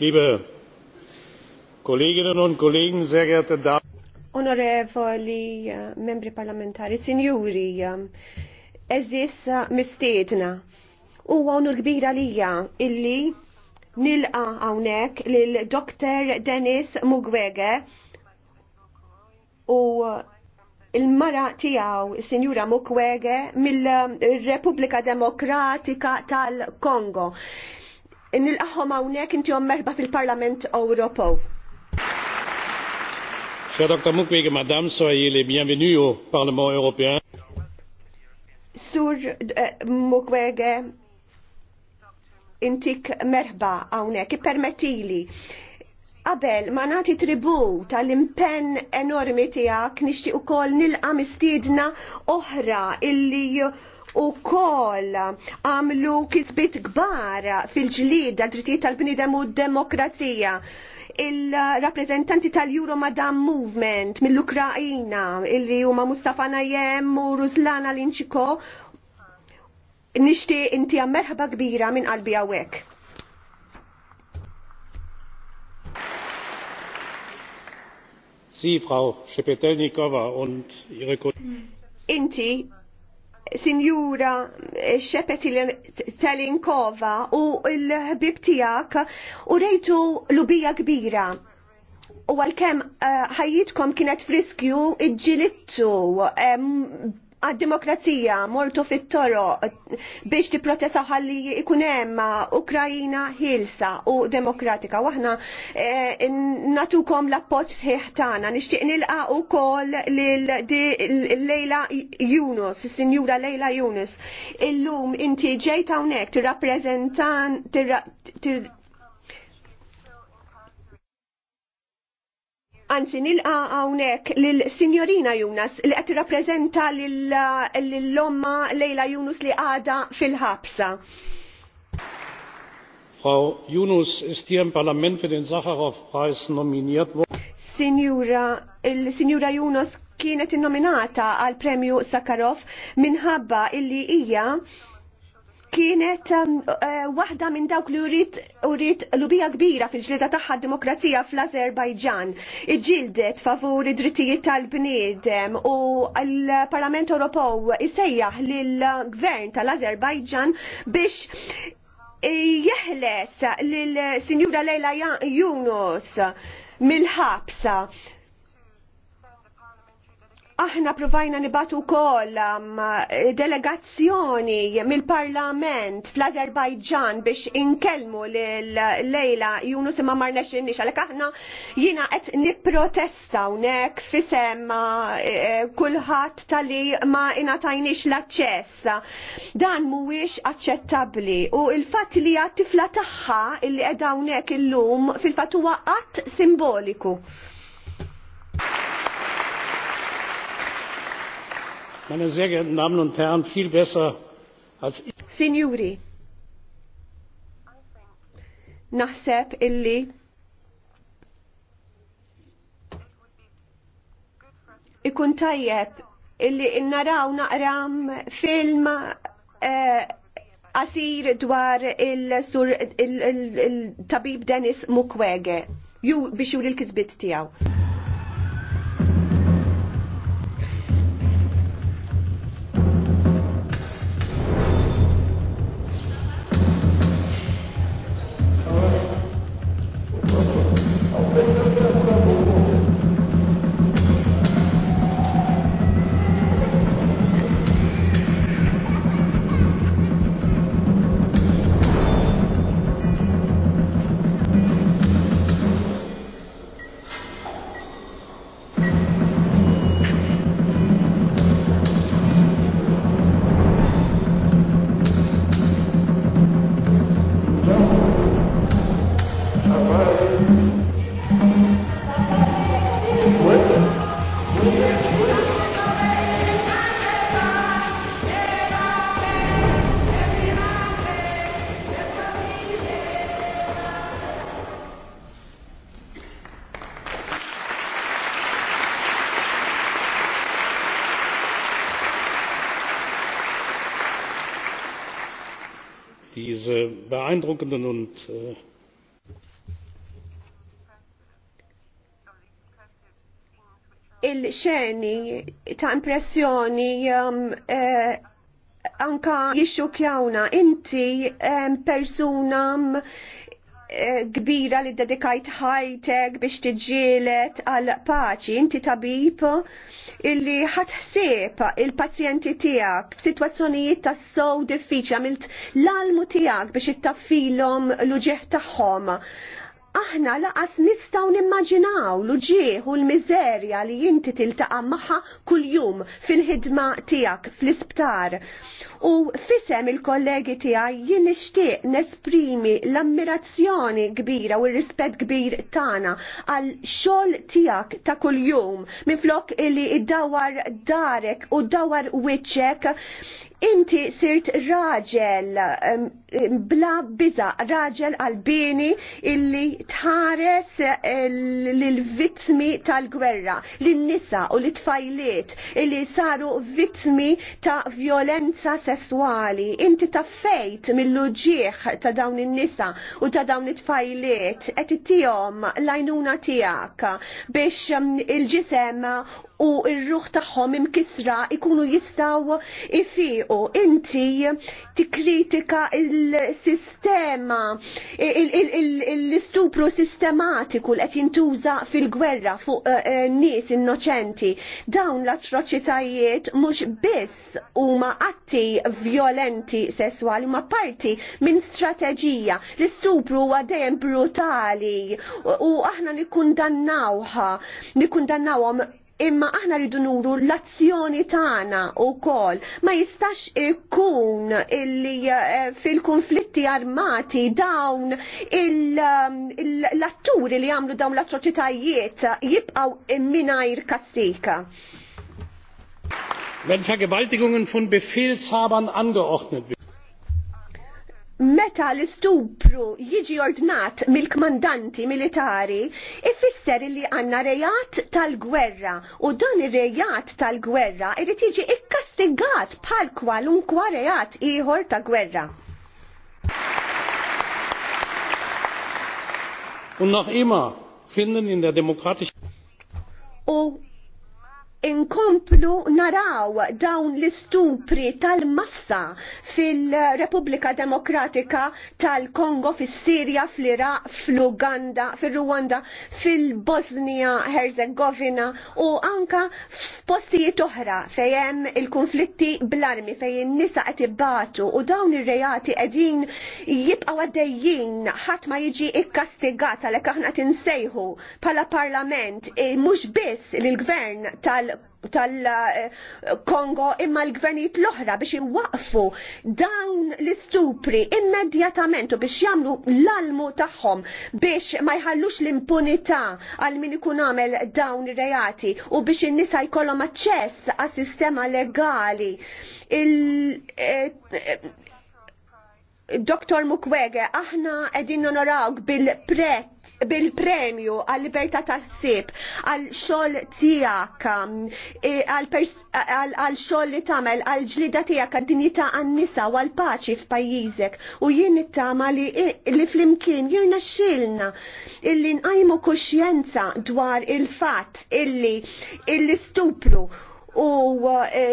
Liebe Kolleginnen und Kollegen, sehr geehrte Damen. Onorevoli eh, membri parlamentari, sinjuri, eh, eżis eh, mistiedna. Huwa għonur kbira lija illi nilqa hawnhekk lil Dr. Dennis Mugwege u il-mara tijaw, sinjura Mukwege, mill-Repubblika Demokratika tal-Kongo nilqaħħom hawnhekk inti merba fil-Parlament Ewropew. Cher Dr. Mukwege, Madame, soyez les bienvenus au Parlement européen. Sur eh, Mukwege, intik merba hawnhekk, ippermettili qabel ma nagħti tribut tal-impenn enormi tiegħek nixtieq ukoll nilqa' mistiedna oħra illi u koll għamlu kisbit gbar fil ġlida drittijiet tal-bnidem u demokrazija il-rappresentanti tal-Euro Madam Movement mill-Ukrajina illi huma Mustafa Najem u Ruslana Linċiko nishti inti merħba kbira minn qalbi għawek. Sie, Frau Schepetelnikova und Ihre Kollegen. Inti, Sinjura Xepeti eh, Telinkova u l-ħbib tijak u rejtu lubija kbira u għal-kem eh, ħajjitkom kienet friskju iġġilittu um, għad-demokrazija mortu fit-toro biex tipprotesta ħalli ikun hemm Ukrajina ħilsa u demokratika. Waħna eh, natukom l-appoġġ sħiħ tagħna. Nixtieq nilqa' kol lil Lejla Yunus, is-Sinjura Lejla Yunus. Illum inti unek hawnhekk tirrappreżentan Anzi, nilqa hawnhekk lill-Sinjorina Junas li qed tirrappreżenta l-lomma Lejla Junus li għada fil-ħabsa. Frau Yunus ist hier im Parlament für den Sacharow-Preis nominiert worden. Signora, il-Signora Yunus kienet innominata għal premju Sakharov minħabba illi hija kienet um, eh, waħda minn dawk li urid uriet lubija kbira fil-ġlieda tagħha demokrazija fl-Azerbajġan. Iġildet favur id-drittijiet tal-bniedem u l-Parlament Ewropew isejjaħ lill-Gvern tal-Azerbajġan biex jeħles lil sinjura Lejla Yunus mill-ħabsa Aħna provajna nibatu kol um, delegazzjoni mill-parlament fl-Azerbajġan biex inkelmu l-lejla Yunus imma marnex xinnix għalek aħna jina qed niprotesta unek fisem uh, eh, kulħadd tali ma inatajnix l-aċċess. Dan mhuwiex aċċettabbli u il-fatt li għat-tifla tagħha illi għedawnek hawnhekk illum fil-fatt huwa qatt simboliku. Meine sehr geehrten Damen und Herren, viel besser als ich. Signori, naħseb illi ikun tajjeb illi innaraw naqram film eh, qasir dwar il-tabib Dennis Mukwege, ju biex ju l-kizbit tijaw. diese beeindruckenden und äh, il-xeni ta' impressjoni um, eh, anka jixxukjawna inti um, persuna um, kbira li dedikajt ħajtek biex tiġġielet għal paċi. Inti tabib illi ħatħsib il-pazjenti tijak f'sitwazzjonijiet ta' sow diffiċli għamilt l-almu tijak biex ittaffilhom l-uġeħ tagħhom aħna laqas nistaw nimmaġinaw l-ġieħ u l-mizerja li jinti tiltaqa' magħha kuljum fil-ħidma tiegħek fl-isptar. U fisem il-kollegi tiegħi jien nixtieq nesprimi l-ammirazzjoni kbira u r-rispett kbir tagħna għal xogħol tiegħek ta' kuljum minflok illi iddawar darek u dawar wiċċek Inti sirt raġel bla biza, raġel għalbini illi tħares eh, l-vittmi tal-gwerra, l-nisa u l-tfajliet illi saru vittmi ta' violenza sessuali. Inti ta' fejt mill-luġieħ ta' dawn in-nisa u ta' dawn it-tfajliet qed tijom lajnuna tiegħek biex il-ġisem u r-ruħ tagħhom imkisra ikunu jistgħu ifiq u inti tikkritika il-sistema, l-istupru sistematiku li qed jintuża fil-gwerra fuq eh, eh, nies innoċenti. Dawn l-atroċitajiet mhux biss huma atti violenti sesswali ma parti minn strateġija. L-istupru huwa dejjem brutali u aħna nikkundannawha, nikkundannawhom imma aħna rridu nuru l-azzjoni tagħna wkoll. Ma jistax ikun illi eh, fil-konflitti armati dawn um, l-atturi li għamlu dawn l-atroċitajiet jibqgħu mingħajr kastika. Wenn Vergewaltigungen von Befehlshabern angeordnet werden meta l-istupru jiġi ordnat mill-kmandanti militari, ifisser li għanna rejat tal-gwerra u dan ir-rejat tal-gwerra irrid jiġi ikkastigat bħal kwalunkwa rejat ieħor ta' gwerra. Und naħ ima, finnin in der U inkomplu naraw dawn l-istupri tal-massa fil-Repubblika Demokratika tal-Kongo, fil-Sirja, fil-Iraq, fil-Uganda, fil-Rwanda, fil-Bosnia, Herzegovina u anka f'postijiet oħra fejem il-konflitti bl-armi fej nisa qed ibbatu u dawn ir-reati qegħdin jibqa' għaddejjin ħadd ma jiġi ikkastigat għalhekk aħna tinsejħu bħala parlament eh, mhux biss lill-gvern tal tal-Kongo eh, imma l-gvernijiet l-oħra biex iwaqfu dawn l-istupri immedjatament u biex jagħmlu l-almu tagħhom biex ma jħallux l-impunità għal min ikun għamel dawn ir-reati u biex in-nisa jkollhom aċċess għas sistema legali. Il eh, eh, Dr. Mukwege, aħna qegħdin nonorawk bil-prek bil-premju għal libertà tal-ħsieb, għal xogħol tiegħek, um, e, għal xogħol li tagħmel, għal ġlida tiegħek għal dinjità għan-nisa u għal paċi f'pajjiżek. U jien nittama li e, flimkien jirna xilna illi nqajmu kuxjenza dwar il-fatt illi l u e,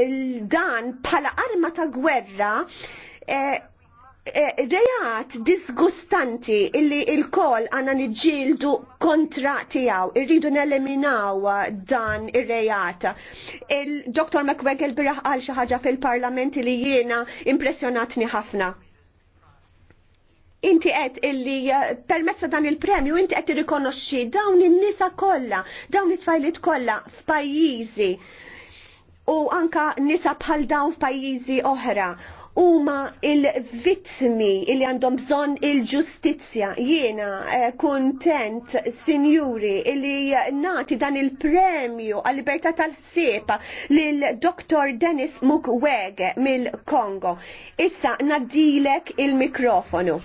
dan bħala arma ta' gwerra Rejat disgustanti illi il-kol għanna nġildu kontra tijaw, irridu neliminaw dan ir rejata Il-Dr. McWegel birraħ għal xaħġa fil-parlament li jiena impressjonatni ħafna inti għed illi eh, permezza dan il-premju inti qed tirrikonoxxi dawn in-nisa kollha, dawn it-tfajlit kollha f'pajjiżi u anka nisa bħal dawn f'pajjiżi oħra huma il-vittmi li għandhom bżonn il-ġustizzja. Jiena eh, kontent, sinjuri, li nati dan il-premju għal libertà tal sepa lil Dr. Dennis Mukwege mill-Kongo. Issa naddilek il-mikrofonu.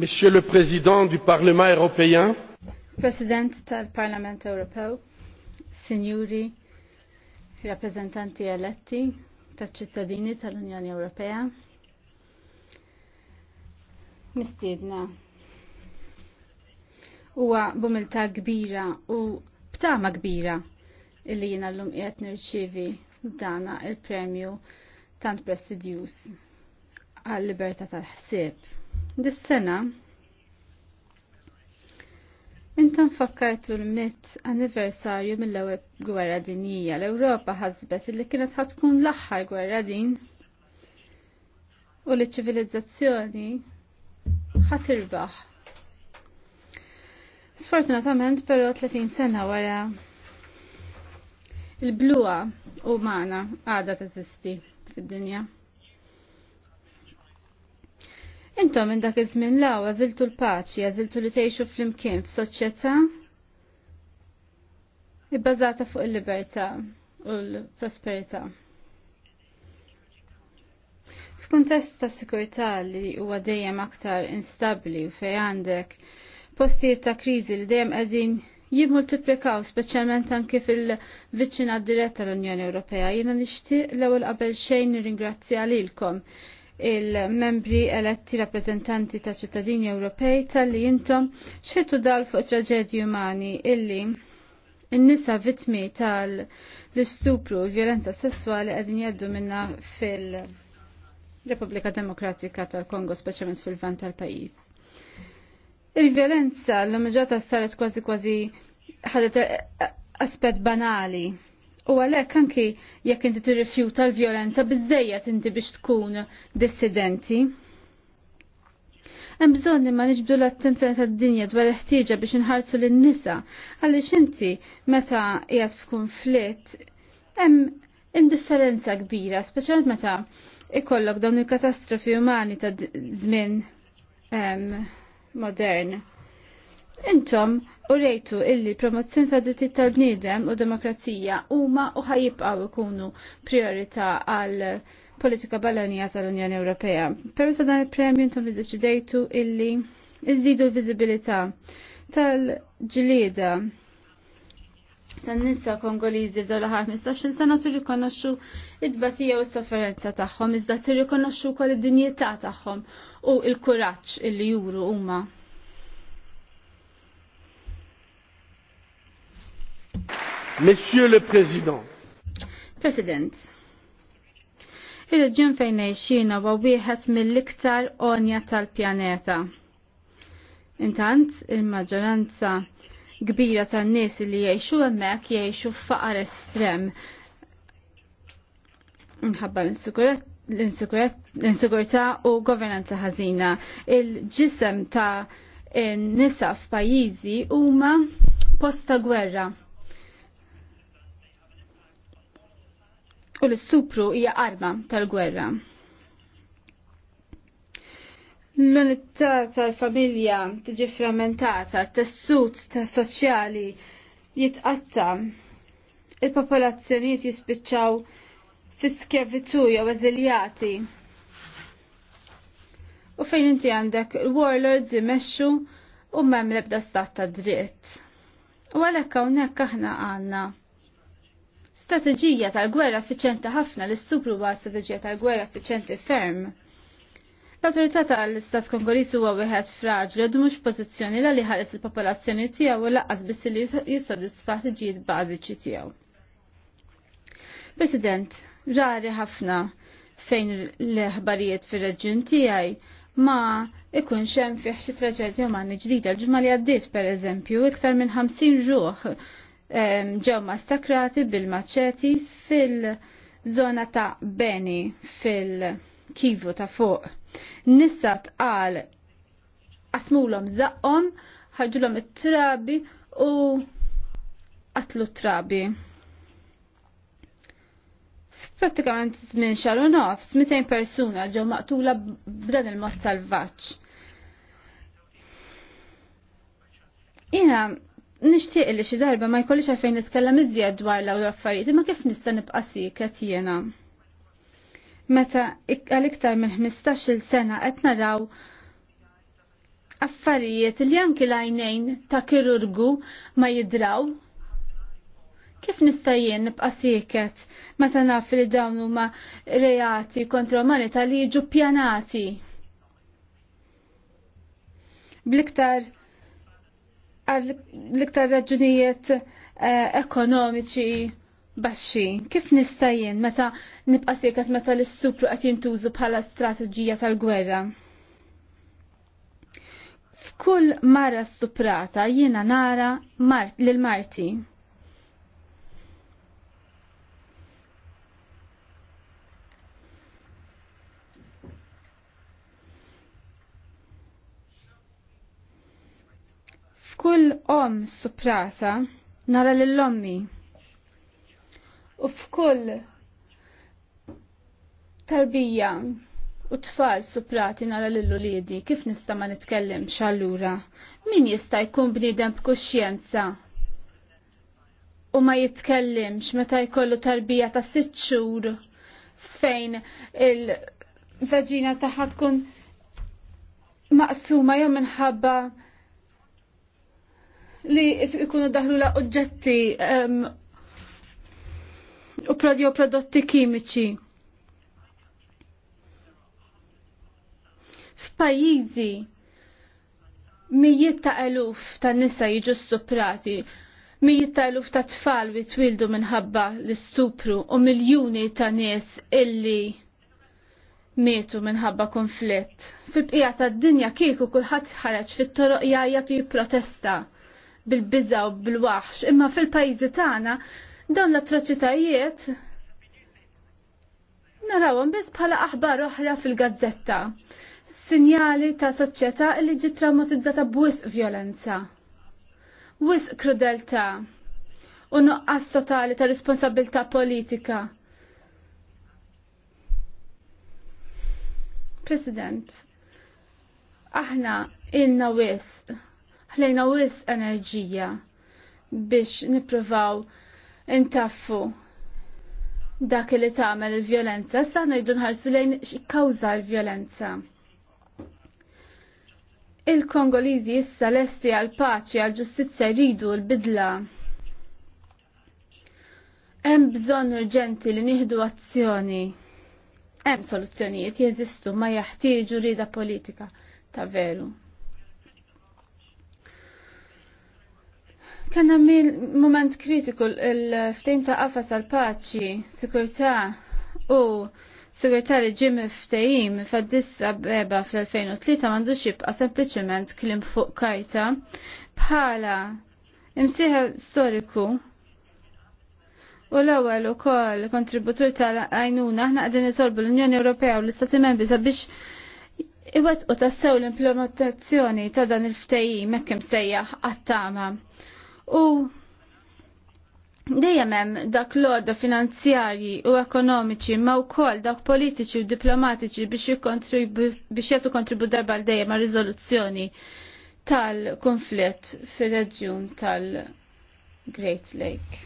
Monsieur le Président du Parlement européen, President tal-Parlament Ewropew, Sinjuri, rappresentanti eletti tal-ċittadini tal-Unjoni Ewropea, mistiedna. Huwa bumilta kbira u btama kbira illi jiena llum qiegħed nirċievi dana il-premju tant prestidjus għal libertà tal-ħsieb. Dis-sena Intom fakkartu l-mit anniversarju mill-ewwel gwerra dinjija. L-Ewropa ħasbet li kienet ħatkun l-aħħar gwerra din u li ċivilizzazzjoni ħatirbaħ. Sfortunatament però 30 sena wara il-blua umana għada teżisti fid-dinja. Intom minn dak iż-żmien law għażiltu l-paċi, għażiltu li tgħixu flimkien f'soċjetà ibbażata fuq il-libertà u l-prosperità. F'kuntest ta' sikurità li huwa dejjem aktar instabbli u fejn għandek postijiet ta' kriżi li dejjem qegħdin jimmultiplikaw speċjalment anke fil-viċina diretta l-Unjoni Ewropea. Jiena nixtieq l-ewwel qabel xejn nirringrazzja lilkom il-membri eletti rappresentanti ta' ċittadini Ewropej tal-li jintom xetu dal fuq traġedji umani illi n-nisa vitmi tal-istupru u violenza sessuali għadin jaddu minna fil-Repubblika Demokratika tal-Kongo, speċjalment fil-vant tal-pajis. Il-violenza l-omġata saret kważi kważi ħadet aspet banali U għalhekk anki jekk inti tirrifjuta l-vjolenza biżejjed inti biex tkun dissidenti. Hemm bżonn li ma niġbdu l-attenzjoni tad-dinja dwar il-ħtieġa biex inħarsu lin-nisa għaliex inti meta qiegħed f'kunflitt hemm indifferenza kbira, speċjalment meta ikollok dawn il-katastrofi umani ta' żmien ehm, modern. Intom u rejtu illi promozzjoni ta' dritti tal-bniedem u demokrazija huma u ħajibqgħu ikunu priorità għal politika ballanija tal-Unjoni Ewropea. Però sa dan il-premju intom li deċidejtu illi iżidu l-viżibilità tal-ġlieda tan-nisa Kongoliżi f'dawn l-aħħar 15-il sena tirrikonoxxu id-batija u s-sofferenza tagħhom, iżda tirrikonoxxu wkoll id-dinjità tagħhom u l-kuraġġ illi juru huma Monsieur le Président. President. Il-reġjun fejn xina huwa wieħed mill-iktar onja tal-pjaneta. Intant, il-maġġoranza kbira tan-nies li jgħixu hemmhekk jgħixu f'faqar estrem. Nħabba l-insikuret l-insigurità u governanza ħażina. Il-ġisem ta' nisa f'pajjiżi huma posta gwerra u l-supru hija arma tal-gwerra. L-unità tal-familja tiġi frammentata, tessut ta' soċjali jitqatta, il-popolazzjonijiet jispiċċaw fi skevitu jew eżiljati. U fejn inti għandek il-warlords imexxu u l-ebda stat ta' dritt. U għalhekk hawnhekk aħna għandna strateġija tal-gwerra effiċjenti ħafna l-istupru huwa strateġija tal-gwerra fiċenti ferm. L-autorità tal-Istat kongolis huwa wieħed fraġli u mhux pożizzjoni l li ħares il-popolazzjoni tiegħu u laqqas biss li jissodisfa ħtiġijiet bażiċi tiegħu. President, rari ħafna fejn l-ħbarijiet fir-reġjun tiegħi ma ikun xem fih xi traġedja ġdida. L-ġimgħa li għaddiet pereżempju iktar minn 50 ruħ ġew massakrati bil-maċċeti fil-żona ta' Beni fil-Kivu ta' fuq. Nissa tqal qasmulhom żaqhom, ħaġulhom it-trabi u qatlu trabi. Pratikament minn xar nofs, 200 persuna ġew maqtula b'dan il-mod salvaġġ. Ina nixtieq li xi darba ma jkollix għalfejn nitkellem iżjed dwar l affarijiet imma kif nista' nibqa' siket jiena. Meta għal iktar minn 15-il sena qed naraw affarijiet li anki l-għajnejn ta' kirurgu ma jidraw. Kif nista' jien nibqa' siket meta naf li dawn huma reati kontra umanità li jiġu pjanati? Bliktar għal l-iktar raġunijiet eh, ekonomiċi baxxi. Kif nista' jien meta nibqa' siekas meta l-istupru qed jintużu bħala strateġija tal-gwerra? F'kull mara stuprata jiena nara mart lil Marti. F'kull om suprata nara lill-ommi. U f'kull tarbija u tfal suprati nara lill-uliedi, kif nista ma nitkellem xallura? Min jista jkun bnidem b'kuxjenza? U ma jitkellimx meta jkollu tarbija ta' sitt xhur fejn il vagina tagħha tkun maqsuma jew minħabba li ikunu daħlu la oġġetti um, u prodotti kimiċi. F'pajjiżi mijiet ta' eluf ta' nisa jiġu stuprati, mijiet ta' eluf ta' tfal jitwildu minħabba l-istupru u miljuni ta' nies illi mietu minħabba konflitt. Fil-bqija ta' dinja kieku kulħadd ħareġ fit-toroq jajja jipprotesta. protesta bil biza u bil-waħx, imma fil-pajjiżi tagħna dawn l-atroċitajiet narawhom biss bħala aħbar oħra fil-gazzetta. Sinjali ta' soċjetà li ġiet traumatizzata b'wisq violenza. Wisq krudeltà u nuqqas totali ta' responsabilità politika. President, aħna ilna wisq ħlejna wis enerġija biex nippruvaw intaffu dak li tagħmel il-vjolenza, issa ngħidu nħarsu lejn x'kkawża l-vjolenza. Il-Kongoliżi issa lesti għal paċi għal ġustizzja jridu l-bidla. Hemm bżonn urġenti li nieħdu azzjoni. Hemm soluzzjonijiet jeżistu ma jaħtieġu rieda politika ta' veru. Kanna mill moment kritiku l ftejn ta' qafa tal-paċi, sikurtà u sigurtà li ġim ftejim fad-dissa beba fl-2003 mandux jibqa' sempliċement klim fuq kajta bħala imsiħa storiku U l-ewwel ukoll kontributur tal-għajnuna aħna għadin itolbu l-Unjoni Ewropea u l-Istati Membri sabiex iwettqu tassew l-implementazzjoni ta' dan il-ftehim mekkim sejjaħ għattama u Dejjem hemm dak l ordo finanzjarji u ekonomiċi ma wkoll dak politiċi u diplomatiċi biex jagħtu kontribu darba l dejjem ma' riżoluzzjoni tal-konflitt fir-reġjun tal-Great Lake.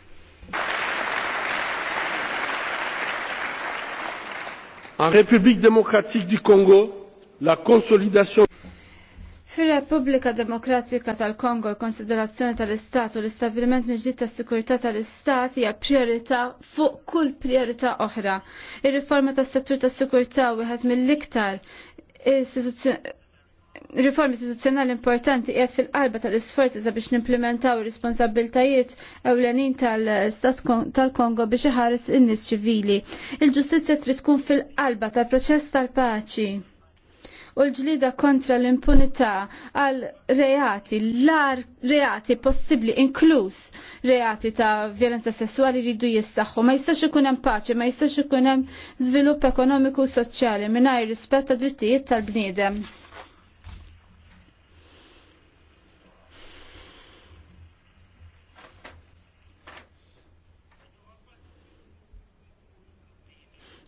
En République démocratique du Congo, la consolidation Fir-Repubblika Demokratika tal-Kongo l-konsiderazzjoni tal-Istat u l-istabilment mill ġid tas-sikurtà tal-Istat hija prijorità fuq kull priorità oħra. Ir-riforma tas-settur tas-sikurtà wieħed mill-iktar riformi istituzzjonali importanti qiegħed fil-qalba tal-isforzi sabiex nimplementaw ir-responsabiltajiet ewlenin tal-Istat tal-Kongo biex iħares in-nies ċivili. Il-ġustizzja trid tkun fil-qalba tal-proċess tal-paċi u l-ġlida kontra l-impunità għal reati, l-ar reati possibli inkluż reati ta' violenza sessuali ridu jissaxħu. Ma jistax ikun hemm paċi, ma jistax ikun hemm żvilupp ekonomiku u soċjali mingħajr rispett ta' drittijiet tal-bniedem.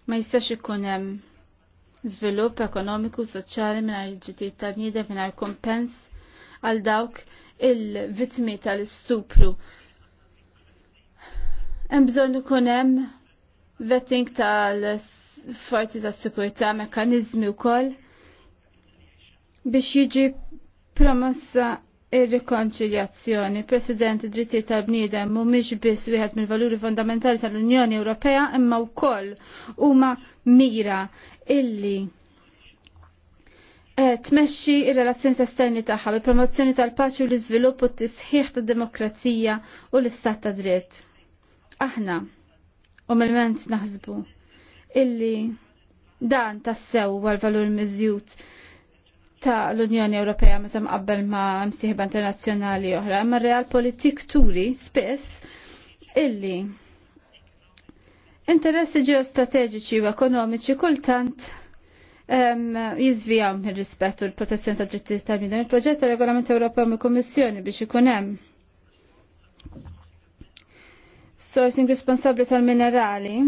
ma jistax ikun hemm żvilupp ekonomiku soċjali mingħajr ġdid tal-bniedem mingħajr kompens għal dawk il-vitmi tal-istupru. Hemm bżonn ikun hemm vetting tal-forzi tas-sikurità mekkaniżmi wkoll biex jiġi promossa Ir-rikonċiljazzjoni, President id-drittijiet tal-bniedem mhumiex biss wieħed mill-valuri fondamentali tal-Unjoni Ewropea imma wkoll huma mira illi eh, tmexxi r relazzjoni esterni tagħha bil promozzjoni tal-paċi u l-iżvilupp u t-tisħiħ tad-demokrazija u l-istat ta' dritt. Aħna umilment naħsbu illi dan tassew għal valur miżjut ta' l-Unjoni Ewropea meta mqabbel ma' msieħba internazzjonali oħra, imma politik turi spiss illi interessi ġeostrateġiċi u ekonomiċi kultant jizvijaw mir rispett u l-protezzjoni ta' dritti tal-bnidem. Il-proġett ta' regolament Ewropew mill kummissjoni biex ikun hemm sourcing responsabbli tal-minerali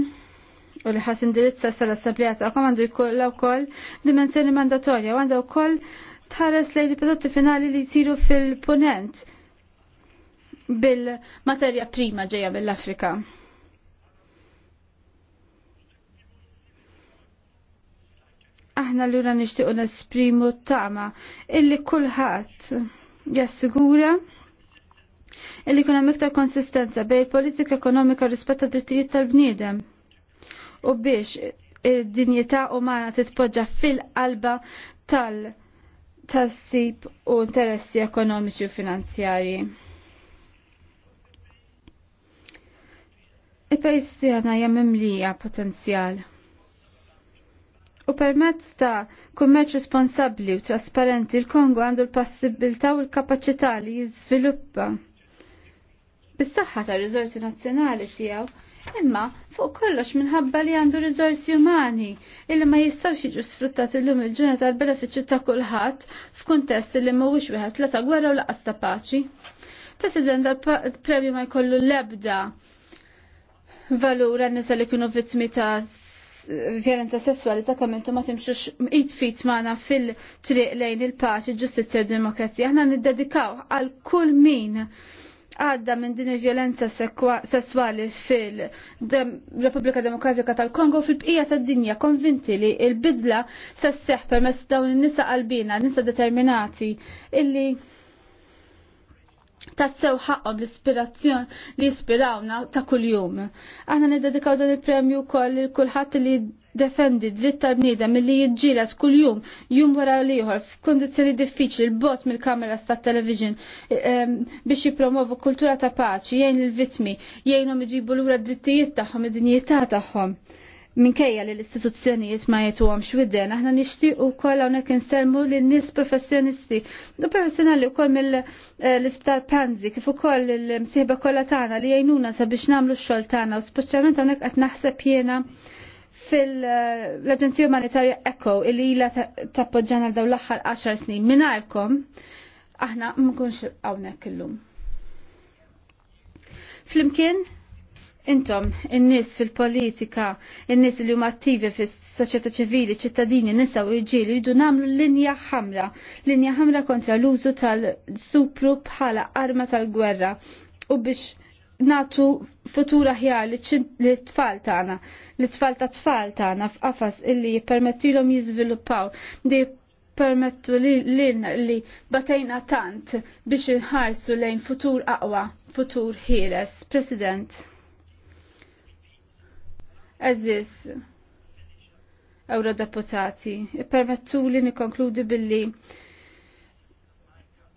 u li ħat indirizza sal-Assemblea tagħkom għandu jkollha wkoll dimensjoni mandatorja u għandu wkoll tħares lejn prodotti finali li jsiru fil-punent bil-materja prima ġejja mill-Afrika. aħna l-ura nishtiqu nesprimu t-tama illi kullħat jassigura illi kuna miktar konsistenza bej politika ekonomika rispetta drittijiet tal-bniedem u biex id-dinjità umana titpoġġa fil-qalba tal- tassib u interessi ekonomiċi u finanzjarji. Il-pajis tijana hija potenzjal. U permezz ta' kummerċ responsabbli u trasparenti il-Kongo għandu l passibilta u l-kapaċità li jiżviluppa. Bis-saħħa tar-riżorsi nazzjonali tiegħu imma fuq kollox minħabba li għandu rizorsi umani illi ma jistawx jiġu sfruttati l-lum il-ġurnata għal-benefiċċju ta' kulħadd f'kuntest li mhuwiex wieħed la ta' gwerra u laqas ta' paċi. President dal-premju ma jkollu l-ebda valur nisa li kienu vittmi ta' violenza sessuali ta' kommentu ma timxux it-fit maħna fil-triq lejn il-paċi, ġustizja u demokrazija. Aħna niddedikaw għal kull min għadda minn din il-violenza sessuali fil-Repubblika Demokratika tal-Kongo fil-bqija tad-dinja konvinti li il-bidla sesseħ permess dawn in-nisa qalbina, nisa determinati illi tassew ħaqom l-ispirazzjon li jispirawna ta' kuljum. Aħna niddedikaw dan il-premju koll il-kulħadd li defendi dritt tal-bniedem milli jiġġielas kuljum jum wara liħor f'kondizzjoni diffiċli l-bot mill-kameras tat television ehm, biex jipromovu kultura ta' paċi jgħin il-vitmi jgħinhom iġibu lura drittijiet tagħhom id-dinjità tagħhom. Minkejja li l-istituzzjonijiet ma jitu għom xwidden, aħna nishtiqu kolla unek nselmu li nis professjonisti, u professjonali u koll mill-isptar eh, Panzi, kif u koll l-msiħba kolla tana li jajnuna sabiex namlu xol tana, u speċjalment unek għat naħseb jena fil-Aġenzija Umanitarja ECHO illi ila tappoġġana daw l-aħħar 10 snin minarkom aħna mkunx hawnhekk illum. Flimkien intom in-nies fil-politika, il nies li huma attivi fis-soċjetà ċivili, ċittadini, nisa u rġieli jridu nagħmlu linja ħamra, linja ħamra kontra l-użu tal-supru bħala arma tal-gwerra u biex natu futura ħjar li tfal tagħna, li t tfal ta' tfal tagħna f'qafas illi jippermettilhom jiżviluppaw di permettu li lilna li batejna tant biex inħarsu lejn futur aqwa, futur ħieles. President. Aziz, Eurodeputati, permettu li nikonkludi billi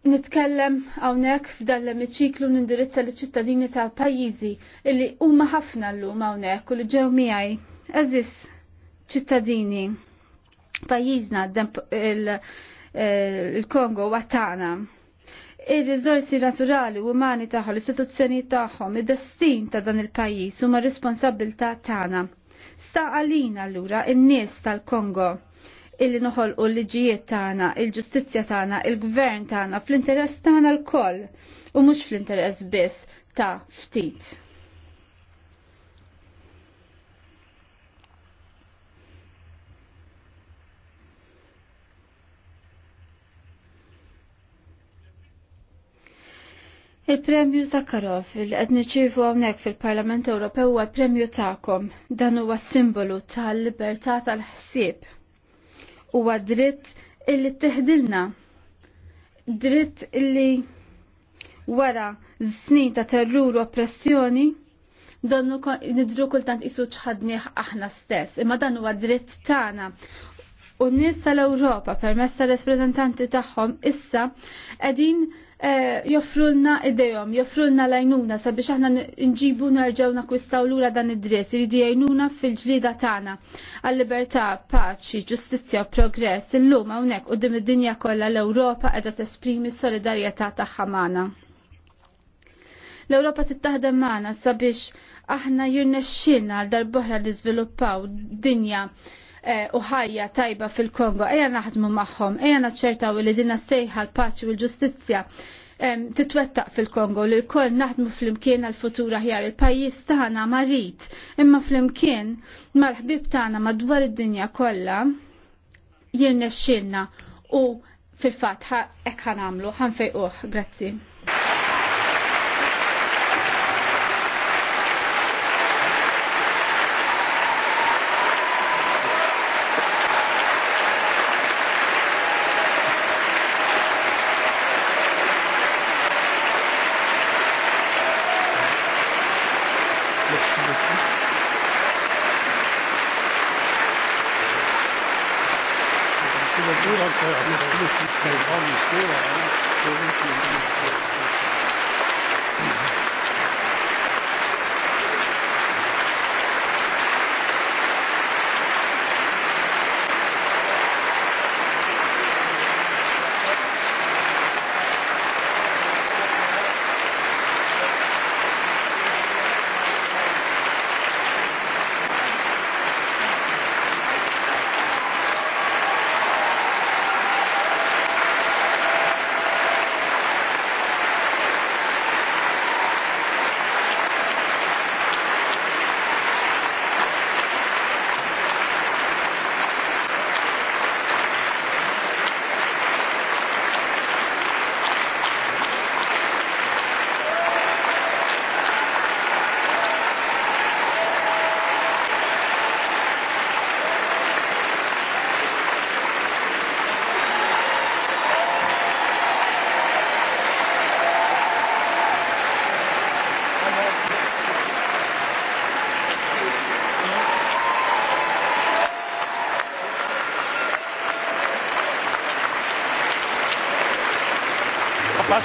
nitkellem hawnhekk f'dan l-emiċiklu nindirizza l-ċittadini tal-pajjiżi illi huma ħafna llum hawnhekk u li ġew miħaj. Eżis ċittadini pajjiżna eh, il-Kongo għatana. Ir-riżorsi naturali u umani tagħhom, l-istituzzjoni tagħhom, id-destin ta' dan il-pajjiż huma responsabilta tagħna. Sta għalina allura il nies tal-Kongo illi noħol u liġijiet tagħna, il-ġustizzja tagħna, il-gvern tagħna fl-interess tagħna l-koll u mhux fl-interess biss ta' ftit. Il-premju zakarov il qed niċċievu hawnhekk fil-Parlament Ewropew huwa premju tagħkom dan huwa simbolu tal-libertà tal-ħsieb huwa dritt illi teħdilna. Dritt illi wara snin ta' terrur u oppressjoni donnu nidru kultant isu ċħadniħ aħna stess. Imma dan huwa dritt tagħna u n-nies tal-Ewropa permezz tal-rappreżentanti tagħhom issa qegħdin eh, joffrulna idejhom, joffrulna lajnuna sabiex aħna nġibu nerġgħu nakwistaw lura dan id-dritt, iridu jgħinuna fil-ġlida tagħna għall-libertà, paċi, ġustizzja u progress illum hawnhekk qudiem id-dinja kollha l-Ewropa qiegħda tesprimi s-solidarjetà tagħha magħna. L-Ewropa tittaħdem magħna sabiex aħna jirnexxilna għal darbohra li żviluppaw dinja Eh, u ħajja tajba fil-Kongo. Ejja naħdmu magħhom, ejja naċċertaw li dinna sejħa l-paċi u l-ġustizzja titwettaq fil-Kongo li l-koll naħdmu fl-imkien għal-futura ħjar il-pajis taħna marit imma fl-imkien mal-ħbib taħna madwar id-dinja kolla jirnexxilna u fil-fat ekħan għamlu ħan fejquħ grazzi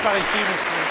par ici, monsieur.